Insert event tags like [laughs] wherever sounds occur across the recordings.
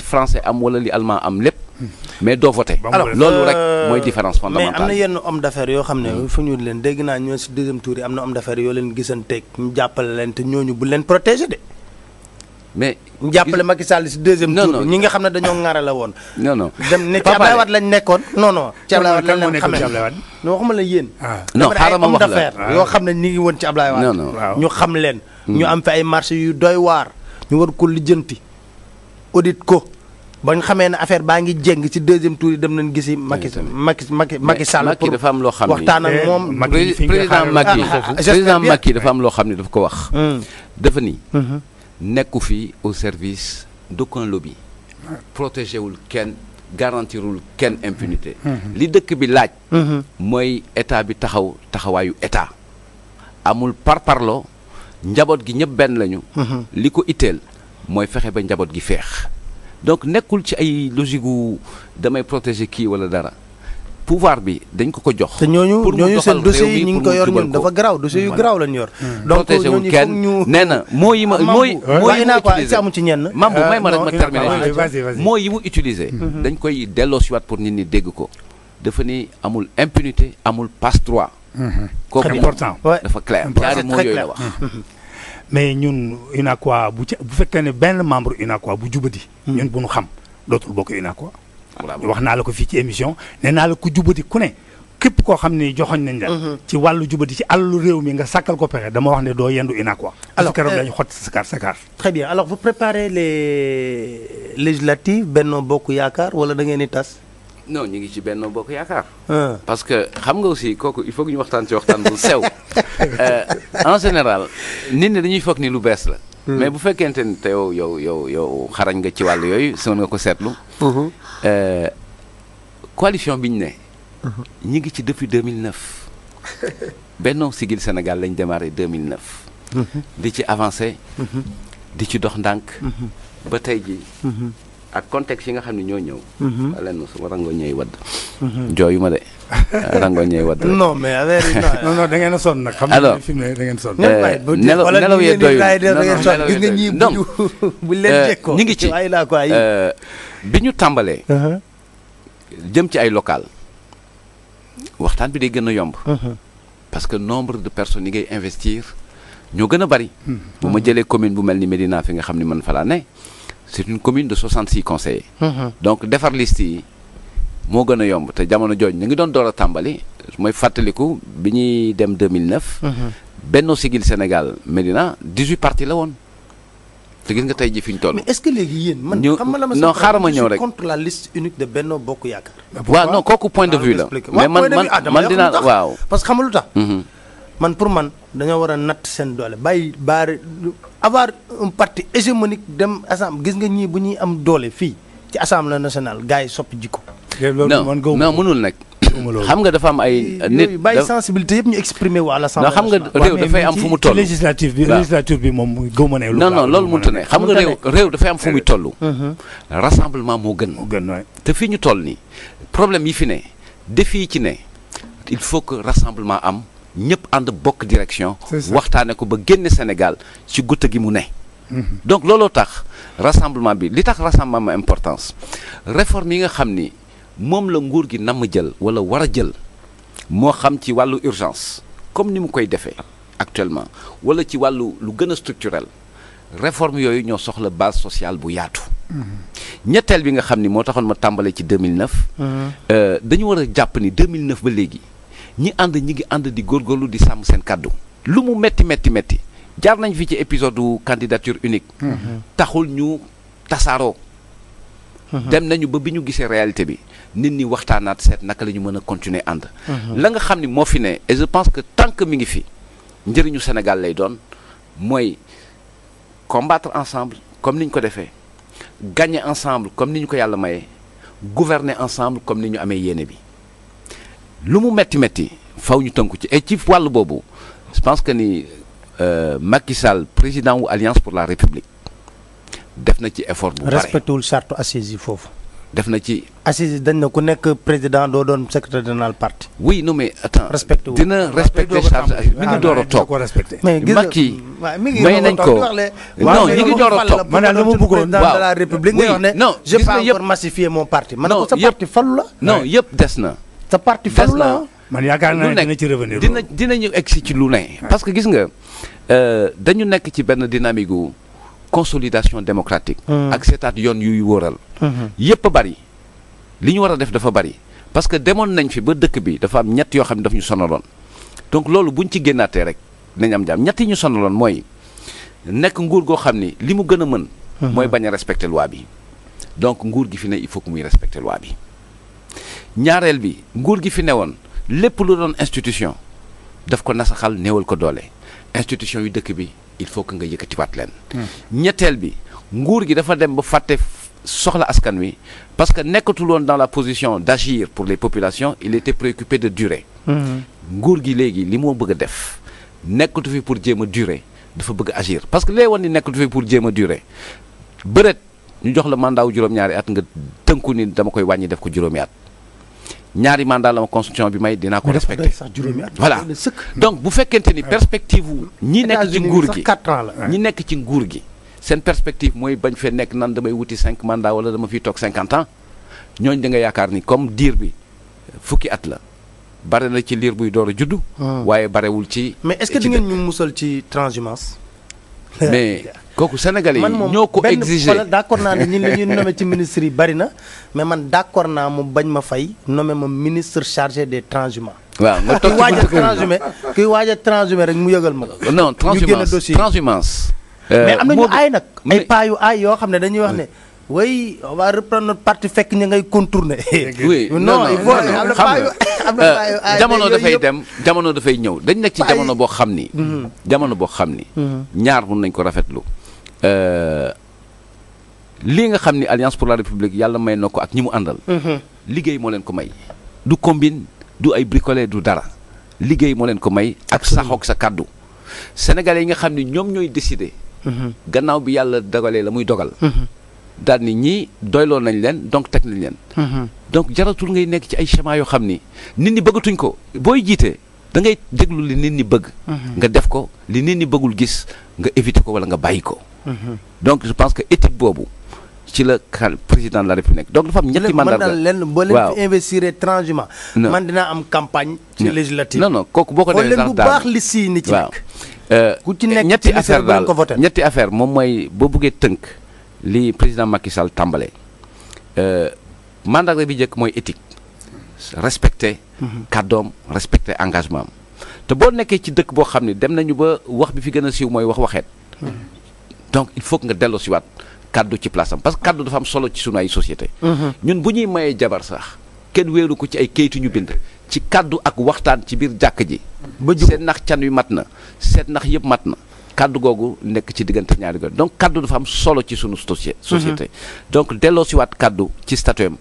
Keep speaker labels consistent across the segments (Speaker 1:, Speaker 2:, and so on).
Speaker 1: français am wala li allemand am lépp. mais doo voté. alors loolu rek euh, mooy différence fondamentale. mais am na yenn
Speaker 2: homme d'affaires yoo xam ne hmm. fu leen dégg naa ñoo si deuxième tour yi am na homme d'affaires yoo leen gisanteeg ñu jàppale leen te ñooñu bu leen protéger de. mais jàppale Macky Sall si deuxième tour ñi nga xam ne dañoo ŋara woon. non non dem ne nekkoon non non. ci Abdoulaye Wade lañ leen xamee non waxuma la ah. ah. yoo xam ne ñu ngi woon ci Abdoulaye Wade. ñu xam leen. Hmm. ñu am fi ay marché yu doy waar ñu war ko lijjanti audit ko ba nga xamee ne affaire baa ngi jeng ci deuxième tour yi dem nañ gisi Macky Macky Macky Macky Sall pour dafa am loo xam ne waxtaan ak eh, moom président Macky ah, ah, président Macky
Speaker 1: dafa am loo xam ne daf ko wax hmm. dafa ni hmm. nekku fi au service d'aucun lobby protégé wul kenn garantirul kenn impunité hmm. li dëkk bi laaj mooy état bi taxaw taxawaayu état amul parparloo njaboot gi ñëpp benn lañu li ko itteel mooy fexe ba njaboot gi feex donc nekkul ci ay logique gu damay protéger kii wala dara pouvoir bi dañ ko ko jox. te ñooñu ñooñu seen dossiers yi ñu ngi ko yor ñun dafa garaaw dossiers yu garaaw hmm. nee na moo ma mooy. moo yi ma utilisé ci ñenn. ma euh, rek ma terminer euh, moo yi mu utilisé. Hmm. dañ koy delloosiwaat pour nit ni dégg ko. dafa ni amul impunité amul pastroit ko hmm. kooku important dafa clair ñaari moo yooyu wax.
Speaker 3: mais ñun UNACOIS bu bu fekkee ne benn membre UNACOIS bu jubadi. Hmm. ñun bu ñu xam dootul bokk UNACOIS. wax naa la ko fii ci émission nee naa la ku jubadi ku ne. képp koo xam ne joxoñ nañ la. Hmm. ci wàllu jubati ci àllu réew mi nga sakkal ko pexe dama wax ne doo yendu UNACOIS. alors keroog dañu euh, xott sa kaar sa kaar.
Speaker 2: très bien alors vous préparez les législatives Benno Bokk Yaakaar wala da ngeen di tas.
Speaker 1: non ñu ngi ci benn bokk yaakaar. Ah. parce que xam nga aussi kooku il faut que ñu waxtaan ci waxtaan bu sew. [laughs] Euh, en général nit ñi dañuy foog ni lu bees la. Hmm. mais bu fekkente ni te yow yow yow yow xarañ nga ci wàll yooyu soo nga ko seetlu. Hmm. Euh, coalition bi ñu ne. Hmm. ñu ngi ci depuis 2009. [laughs] Benno Siggil Sénégal lañ démarré 2009. di ci avancé. di ci dox ndànk. ba tey jii. ak contexte yi nga xam ne ñoo ñëw. Mhm. lenn suma rango ñëy wadd. Mhm. jooyu ma de [laughs] rango ñëy wadd. non mais affaire yi non [laughs] non da a sonn nag. xam ne da ngeen sonn. Euh, nelaw nelaw yee doyul gis bu [laughs] bu leen euh, jekkoo ñi ngi ci euh, bi ñu tàmbalee. Uh-huh. jëm ci ay local waxtaan bi day gën a yomb. Uh-huh. parce que nombre de personnes yi ngay investir ñoo gën a bari. Mm-hmm. bu ma jëlee commune bu mel ni Medina fi nga xam ni man fa ne. c'est une commune de 66 conseillers. Mm-hmm. donc defar liste yi moo gën a yomb te jamono jooju ñu ngi doon door a tàmbali mooy fàttaliku bi ñuy dem mm-hmm. Benno Siggil Sénégal Médina 18 partis la woon. te gis nga tey jii fi ñu toll. mais
Speaker 2: xaaral ma ñëw rek contre la
Speaker 1: kooku point de vue la. mais man man dinaa waaw. parce que xam tax. Mm-hmm.
Speaker 2: man pour man dañoo war a natt seen doole bàyyi baare avoir un parti hégémonique dem assemblée gis nga ñii bu ñuy am doole fii ci assemblée national gars yi soppi jikko.
Speaker 1: non non mënul nag.
Speaker 2: xam nga dafa am ay nit bàyyi sensibilité yëpp ñu exprimer wu à l'Assemblée xam nga réew dafay am mu toll
Speaker 1: législative bi
Speaker 3: législative bi moom gëmuma ne non non loolu mënta ne xam nga réew réew dafay am fu muy toll mhm.
Speaker 1: rassemblement moo gën moo gën te fii ñu toll nii problème yi fi ne défi yi ci ne il faut que rassemblement am ñëpp ànd bokk direction waxtaane ko ba génne Sénégal ci gutte gi mu ne mhm. donc looloo tax rassemblement bi li tax rassemblement am importance réforme yi nga xam ni moom la nguur gi namm jël wala war a jël moo xam ci wàllu urgence comme ni mu koy defee actuellement wala ci wàllu lu gën a structurel réforme yooyu ñoo soxla baas sociale bu yaatu mhm. ñetteel bi nga xam ni moo taxoon ma tàmbale ci 2009 mhm. euh, dañu war a jàpp ni 2009 ba léegi ñi ànd ñi ngi ànd di góorgóorlu di sàmm seen kàddu lu mu metti metti metti jaar nañu fi ci épisode candidature unique mm-hmm. taxul ñu tasaaroo mm-hmm. dem nañu ba bi ñu gisee réalité bi nit ñi waxtaanaat seet naka la ñu mën a continuer ànd mm-hmm. la nga xam ni moo fi ne et je pense que tant que mi ngi fi njëriñu Sénégal lay doon mooy combattre ensemble comme ni ñu ko defee gagner ensemble comme ni ñu ko yàlla mayee gouverner ensemble comme ni ñu amee yéene bi lu mu metti metti faw ñu tënku ci et ci wàll boobu je pense que ni euh, Macky Sall président wu alliance pour la république def na ci effort bu bare
Speaker 2: respectewul charte foofu. def na ci. assise dañ na ku nekk président doo doon secrétaire général parti.
Speaker 1: oui non mais attends dina respecté charte mi ngi door a ah, toog mais gis
Speaker 2: nga may nañ ko non ñi ngi door a toog. ne lu mu bëggoon waaw de la république.
Speaker 1: nga
Speaker 2: wax ne mon parti. ma ne ko sa parti falu la. non yëpp des na. sa parti falu la
Speaker 3: man yaakaar naa dina ci revenir dina
Speaker 1: dinañu egsi ci lu ne. parce que gis nga euh, dañu nekk ci benn dynamique consolidation démocratique. Hmm. ak seetaat yoon yuy wóoral. Hmm. yépp bari li ñu war a def dafa bari parce que demoon nañ fi ba dëkk bi dafa am ñett yoo xam ne daf ñu sonaloon donc loolu buñ ci génnaatee rek nañ am jàmm ñett yi ñu sonaloon mooy nekk nguur goo xam ni li mu gën a mën. Hmm. mooy bañ a respecter loi bi donc nguur gi fi ne il faut que muy respecter luwaa bi. ñaareel bi nguur gi fi ne woon lépp lu doon institution daf ko nasaxal néewal ko doole institution yu dëkk bi il faut que nga yëkkatiwaat leen. Hmm. ñetteel bi nguur gi dafa dem ba fàtte soxla askan wi parce que nekkatul woon dans la position d'agir pour les population il était préoccupé de durer. Hmm. nguur gi léegi li moo bëgg a def nekkatu fi pour jéem a durer dafa bëgg agir parce que lee won ni nekkatu fi pour jéem a durer bëreet ñu jox la mandat wu juróom-ñaari at nga tënku ni dama koy wàññi def ko juróomi ñaari mandat la ma constitution bi may dinaa ko respecté voilà donc bu fekkente ni perspective wu ñi nekk ci nguur gi ñi nekk ci nguur gi seen perspective mooy bañ fee nekk nan damay wuti cinq mandat wala dama fi toog cinquante ans ñooñ da nga yaakaar ni comme diir bi fukki at la bare na ci liir buy door a juddu ah. waaye barewul ci mais est-ce que di ngeen
Speaker 2: ñu musal ci transhumance
Speaker 1: mais kooku sénégalais yi ñoo ko exiger man d' accord naa ne ñun ñuy ci
Speaker 2: ministre yi bari na mais man d' accord naa mu bañ ma fay nommé ma ministre chargé des transhumants.
Speaker 1: waaw nga toog ci
Speaker 2: kuy waaj a transhumé kuy rek mu yëgal ma ko.
Speaker 1: Euh, non transhumance transhumance. Euh, mais am na ñu
Speaker 2: aay nag. ay paa yu aay yoo xam ne dañuy wax ne. oui on va reprendre fekk ñu ngay contourner. oui [laughs] non xam nga [laughs] euh, ah, jamono dafay
Speaker 1: dem jamono dafay ñëw dañ nekk ci jamono boo xam ni. Mhm. jamono boo xam ni. Mhm. ñaar mun nañ ko rafetlu. Euh, lii nga xam ni alliance pour la république yàlla may na ko ak ñi mu àndal. Mhm. liggéey moo leen ko may. du combine du ay bricolé du dara liggéey moo leen ko may. ak saxoog sa kàddu. sénégalais yi nga xam ni ñoom ñooy décider. gannaaw bi yàlla dogalee la muy dogal. daal ni ñii doyloo nañ leen donc teg nañ leen. Mm-hmm. donc jaratul ngay nekk ci ay chemin yoo xam ni nit ñi bëggatuñ ko booy jiite da ngay déglu li nit ñi bëgg. Mm-hmm. nga def ko li nit ñi bëggul gis nga éviter ko wala nga bàyyi ko. Mm-hmm. donc je pense que éthique boobu. ci la président de la république donc dafa am ñetti mandat la leen boo leen fi
Speaker 2: investir transhumant man
Speaker 1: dinaa am campagne.
Speaker 2: ci législative non non kooku boo ko defee sax bu baax li sii ni ci nekk.
Speaker 1: Euh, ku ci nekk ñetti affaire daal mooy boo buggee tënk. li président Macky Sall tàmbale euh, mandat bi njëkk mooy éthique respecter mhm. kàddoom respecter engagement te boo nekkee ci dëkk boo xam ne dem nañu ba wax bi fi gën a siiw mooy wax waxeet mhm. donc il faut nga delloo siwaat kàddu ci place parce que kàddu dafa am solo ci sunu ay société mhm. ñun bu ñuy mayee jabar sax kenn wéeru ko ci ay kayitu ñu bind ci kàddu ak waxtaan ci biir jàkk ji seen nax can wi mat na seet nax yëpp mat na kàddu googu nekk ci diggante ñaari góor donc kaddu dafa am solo ci sunu mhm. société. donc delloo siwaat kaddu ci statut am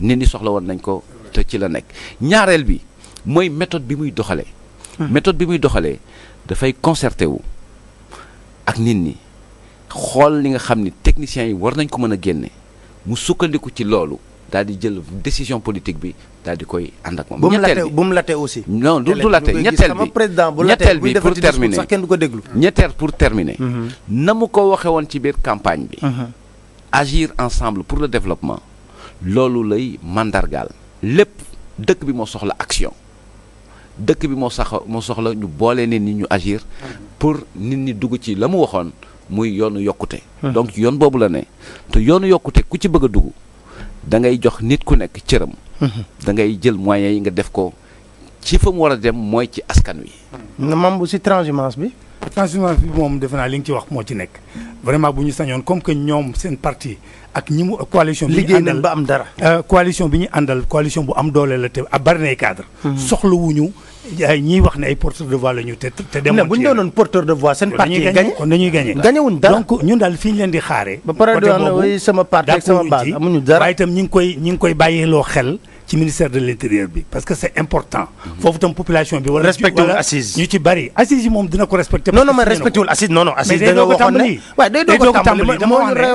Speaker 1: nit ñi soxla woon nañ ko te ci la nekk ñaareel bi mooy méthode bi muy doxalee. Mhm. méthode bi muy doxalee dafay concerté wu ak nit ñi xool li nga xam ni techniciens yi war nañ ko mën a génne mu sukkandiku ci loolu. daal di jël décision politique bi daal di koy ànd ak moom. ñetteel bi bu mu latee aussi. non du du latee ñetteel bi président bu latee bu ñu pour terminer sax mhm. na mu ko waxee ci biir campagne bi. Mhm. agir ensemble pour le développement loolu lay mandargaal lépp dëkk bi moo soxla action dëkk bi moo sax moo soxla ñu boole nit ñi ñu agir pour nit ñi dugg ci la mu waxoon muy yoonu yokkute. Mhm. donc yoon boobu la ne te yoonu yokkute ku ci bëgg a dugg. da ngay jox nit ku nekk cëram. Mhm. da ngay jël moyens yi nga def ko ci fa mu war a dem mooy ci askan wi.
Speaker 3: nga mam bu si transhumance bi. transhumance bi moom defe naa li nga ci wax moo ci nekk vraiment bu ñu sañoon comme que ñoom seen partie ak ñi mu coalition. bi ñu àndal ba am euh, coalition bi ñu àndal coalition bu am doole la te a bari nay cadre hmm. soxlawuñu ay wax ne ay porteur de voix la ñu te te demoon bu ñu doonoon ñun daal fii ñu leen di xaare ba pare doon sama parti sama base amuñu dara waaye itam koy ñi ngi koy bàyyiloo hmm. population bi wala ñu ci bari assise moom dina ko respecté non non man respecté wul assise non non assise da nga waxoon ne waaye day doog a tàmbali dama wax ne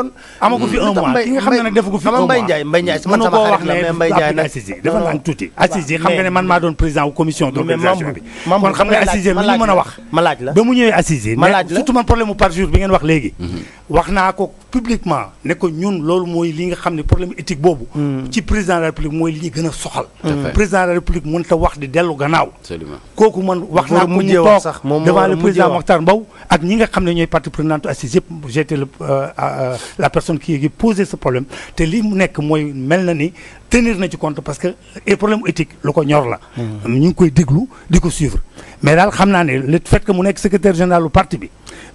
Speaker 3: amagu fi un mbay xam ne nag defagu fi ko mbay Ndiaye mbay Ndiaye man sama xarit la mais mbay Ndiaye nag assise dafa naan tuuti assise xam nga ne man maa doon président wu commission d'organisation bi mu a wax ma la ba mu ñëwee assise mais surtout man problème par jour bi ngeen wax léegi mhm. wax naa ko publiquement ne ko ñun loolu mooy li nga xam ne problème éthique boobu mhm. ci président de la république mooy li ñu gën a soxal président de la république mën ta wax di dellu gannaaw kooku man wax naa ko mu toog sax moom devant le président Mokhtar Mbow ak ñi nga xam ne ñooy parti partie prenante assise yëpp j'étais euh, euh, la personne qui qui posé sa problème te li mu nekk mooy mel na ni tenir na ci compte parce que et problème éthique lu ko ñor la hmm. ñu ngi koy déglu di ko suivre mais daal xam naa ne le fait que mu nekk secrétaire général u parti bi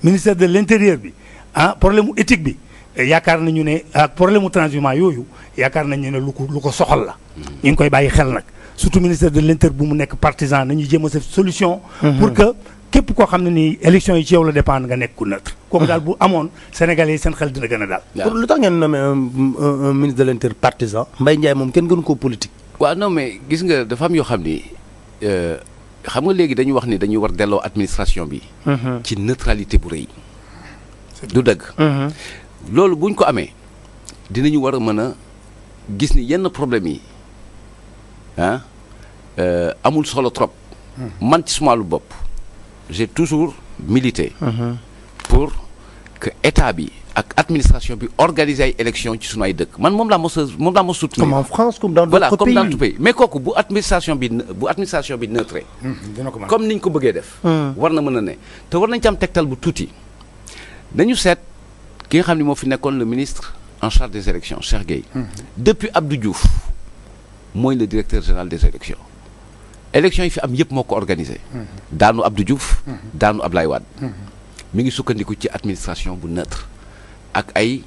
Speaker 3: ministère de l'intérieur bi ah problème éthique bi yaakaar na ñu ne problème mu yooyu yaakaar ñu ne lu ko lu ko soxal la hmm. ñu ngi koy bàyyi xel nag surtout ministère de l'intérieur bu mu nekk partisan nañu jéem a sa solution. Mhm. pour que képp koo xam ne ni élection yi ci yow la dépendre nga nekk ku neutre. Mhm. kooku daal bu amoon sénégalais yi seen xel dina gën a daal. pour
Speaker 2: lu tax ngeen nommé un ministre de l'intérieur partisan. Mbaye Ndiaye moom kenn gënu koo politique.
Speaker 1: waaw non mais gis nga dafa am yoo xam ni euh, xam nga léegi dañu wax ni dañuy war delloo administration bi. Mhm. ci neutralité bu rëy. du dëgg. loolu buñ ko amee dinañu war a mën a ni yenn problème yi Euh, amul solo trop. man ci suma lu bopp j'ai toujours milité. pour que état bi ak administration bi organiser ay élections ci sunu ay dëkk man moom laa mos a moom laa mos soutenir. comme en
Speaker 2: France comme dans d'autres pays voilà comme dans tout pays
Speaker 1: mais kooku bu administration bi bu administration bi
Speaker 3: ñu
Speaker 1: ko bëggee def. war na mën a ne te war nañ ci am tegtal bu tuuti dañu seet ki nga xam ne moo fi nekkoon le ministre en charge des élections Cheikh Gueye. depuis Abdou Diouf mooy le directeur général des élections élection yi fi am yëpp moo ko organisé. Mhm. daanu Abdou juf mhm. daanu Ablaye Wade. Mhm. mi ngi sukkandiku ci administration bu neutre ak ay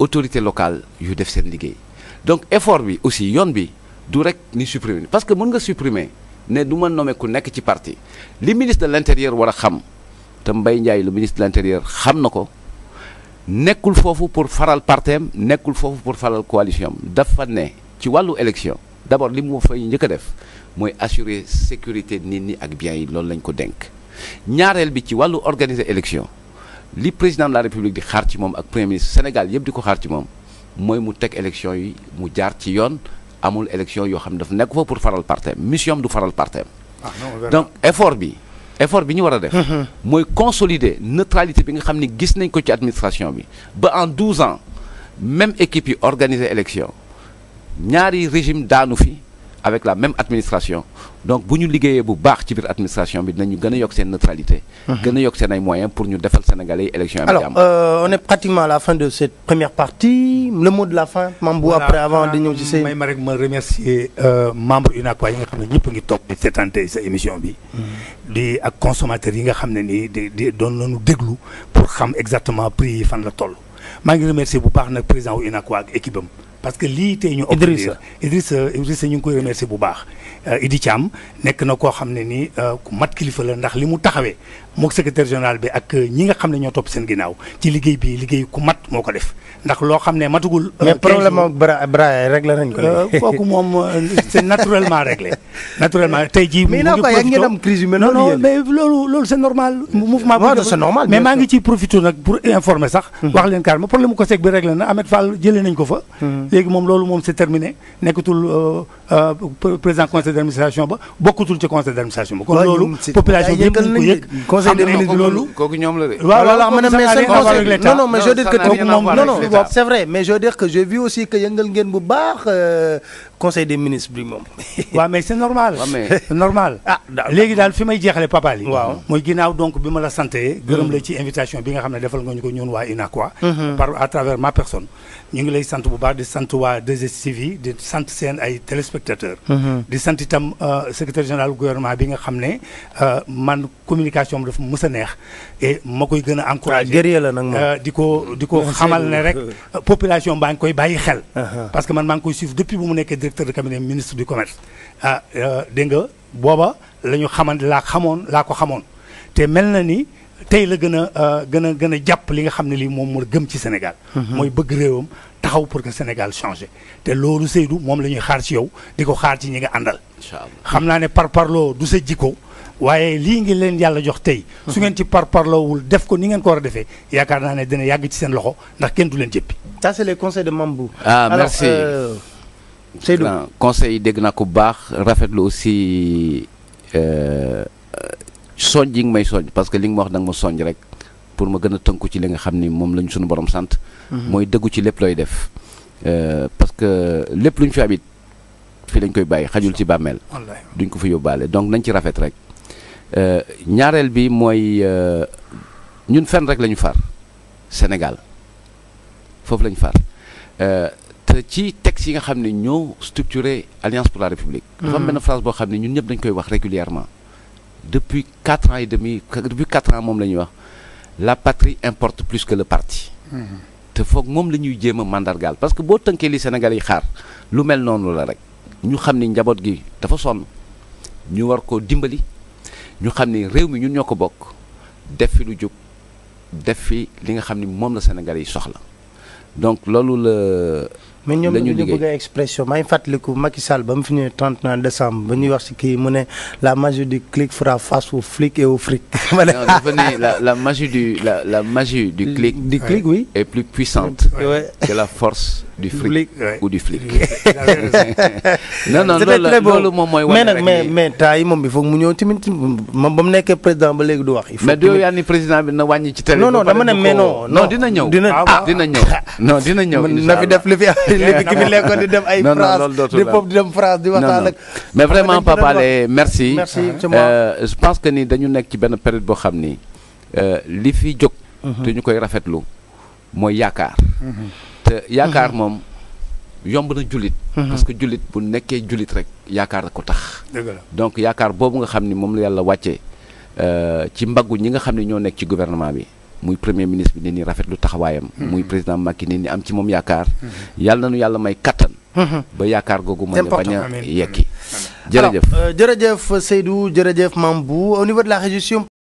Speaker 1: autorité locales yu def seen liggéey donc effort bi aussi yoon bi du rek ni supprimer parce que mën nga supprimer ne du ma nommer ku nekk ci parti li ministre de l'intérieur war a xam te mbay Ndiaye le ministre de l'intérieur xam na ko nekkul foofu pour faral parteem nekkul foofu pour faral coalition dafa ne ci wàllu élection d'abord li mu fay njëkk a def. mooy assurer sécurité nit ñi ak bien yi loolu lañ ko denk ñaareel bi ci wàllu organiser élection li président de la république di xaar ci moom ak premier ministre Sénégal yëpp di ko xaar ci moom mooy mu teg élection yi mu jaar ci yoon amul élection yoo xam ne dafa nekk fa pour faral parteem mission du faral parteem ah, donc effort bi effort bi ñu war a def mm-hmm. mooy consolider neutralité bi nga xam ne gis nañ ko ci administration bi ba en 12 ans même équipe yi organiser élection ñaari régime daanu fi avec la même administration donc bu ñu liggéeyee bu baax ci biir administration bi dinañu gën a yokk seen neutralité. Mhm. gën a yokk seen ay moyens pour ñu defal Sénégalais yi élection yi. alors
Speaker 2: euh, on est pratiquement à la fin de cette première partie le mot de la fin. Mambou
Speaker 3: après avant di ñëw ci may ma ma remercier euh, membre UNACOIS yi nga xam ne ñëpp ngi toog di seetaan tey sa émission bi. Mhm. di ak consommateurs yi nga xam ne nii di di doon nañu déglu pour xam exactement prix fan la toll maa ngi bu baax nag président wu UNACOIS ak parce que lii tey ñu. Idrissa Idrissa Idrissa ñu ngi koy remercier bu baax. Euh, Idi Thiam nekk na koo xam ne nii euh, ku mat kilifa la ndax li mu taxawee mook secrétaire général bi ak ñi nga xam ne ñoo topp seen ginnaaw ci liggéey bi liggéey ku mat moo ko def ndax loo xam ne matugul. Euh, mais problème ko. Euh, kooku moom euh, réglé [laughs] naturellement tey jii. mais naa ko yaa ngi am crise yu mel noonu non ko mhm. COSEC bi mhm. moom loolu moom c'est terminé nekkatul président conseil d'administration ba bokkutul ci conseil d'administration ba. kon loolu population bi yëpp ko conseil des ministres loolu
Speaker 1: kooku ñoom la de. waaw voilà
Speaker 3: mais seen conseil non non mais je
Speaker 2: c'est vrai mais je veux dire aussi que yëngal
Speaker 3: ngeen bu baax. Euh, conseil des ministres bi moom. [laughs] waaw mais c'est normal. waaw mais [laughs] [laughs] ah, léegi daal fi may jeexalee papal yi. waaw mooy ginnaaw donc bi ma la santee gërëm mm. la ci invitation bi nga xam ne defal nga ñu ko ñun waa UNACOIS. Mm-hmm. par à travers ma personne. ñu ngi lay sant bu baax di sant waa 2STV di sant seen ay téléspectateurs. Mm-hmm. di sant itam euh, secrétaire général gouvernement bi nga xam ne euh, man communication bi dafa mës neex. et ma koy gën a encouragé. Ah, euh, di ko di ko xamal ne rek population baa ngi koy bàyyi xel. Uh-huh. parce que directeur de cabinet ministre du commerce ah euh, booba la ñu xamante laa xamoon laa ko xamoon te mel na ni tey la gën a euh, gën a gën a jàpp li nga xam ne lii moom moo gëm ci Sénégal. Mhm. mooy bëgg réewam taxaw pour que Sénégal changé te loolu Seydou moom la ñuy xaar ci yow di ko xaar ci ñi nga àndal. xam naa ne par parloo du sa jikko. waaye lii ngi leen yàlla jox tey. su mhm. ngeen ci wul def ko ni ngeen ko war a defee yaakaar naa ne dina yàgg ci seen loxo ndax kenn du leen
Speaker 1: Seydou conseil dégg naa ko baax rafetlu aussi euh, soñ yi nga may soñ parce que li nga ma wax da nga ma soñ rek pour ma gën a tënku ci li nga xam ni moom lañ suñu borom sant. Mhm. mooy dëggu ci lépp looy def. Euh, parce que lépp lu ñu fi abit it fii lañ koy bàyyi xajul ci bàmmeel. duñ ko fi yóbbaale donc nañ ci rafet rek. Euh, ñaareel bi mooy ñun fen rek lañu far Sénégal foofu la far. te ci texte yi nga xam ne ñoo structuré alliance pour la république. dafa mel na phrase boo xam ne ñun ñëpp dañ koy wax régulièrement depuis quatre ans et demi depuis quatre ans moom la ñuy wax la patrie importe plus que le parti. te foog moom la ñuy jéem a mandargaal parce que boo tënkee li Sénégal yi xaar lu mel noonu la rek ñu xam ni njaboot gi dafa sonn ñu war ko dimbali ñu xam ni réew mi ñun ñoo ko bokk def fi lu jub def fi li nga xam ni moom la Sénégal yi soxla mais ñoom ñu bëgg a
Speaker 2: expression maa ngi fàttaliku Macky Sall ba mu fi ñëwee 31 décembre ba ñuy wax ci kii mu ne la magie du clic fera face aux flics et aux frics. [laughs]
Speaker 1: ma ne la la magie du la la magie du clic. du clic oui est plus puissante. que la force. du flic ou du flic. [laughs] [laughs] non loolu moom mooy. mais nag mais mais
Speaker 2: temps yi moom il faut mu ñëw tamit moom ba mu nekkee président ba léegi du wax. il faut yow yaa ni président bi na wàññi ci télé. non non dama ne mais non non dina ñëw. dina ah,
Speaker 1: ah. dina ñëw. non dina ñëw na fi def li fi [laughs] di dem ay. non non di pop di dem France
Speaker 2: di waxtaan ak. mais vraiment Papa Alé merci. merci euh,
Speaker 1: je pense que nii dañu nekk ci benn période boo xam ni euh, li fi jóg. Mhm. te ñu koy rafetlu mooy yaakaar. Mhm. te yaakaar mhm. moom yomb na jullit. Mhm. parce que jullit bu nekkee jullit rek yaakaar ko tax. donc yaakaar boobu nga xam ni moom la yàlla wàccee euh, ci mbaggu ñi nga xam ne ñoo nekk ci gouvernement bi. muy premier ministre bi ne ni rafetlu taxawaayam. Mhm. muy président Macky ne ni am ci moom yaakaar. yàlla nañu yàlla may kattan. ba yaakaar googu mën na bañ a yekki. jërëjëf
Speaker 2: alors euh, jërëjëf Seydou jërëjëf Mame la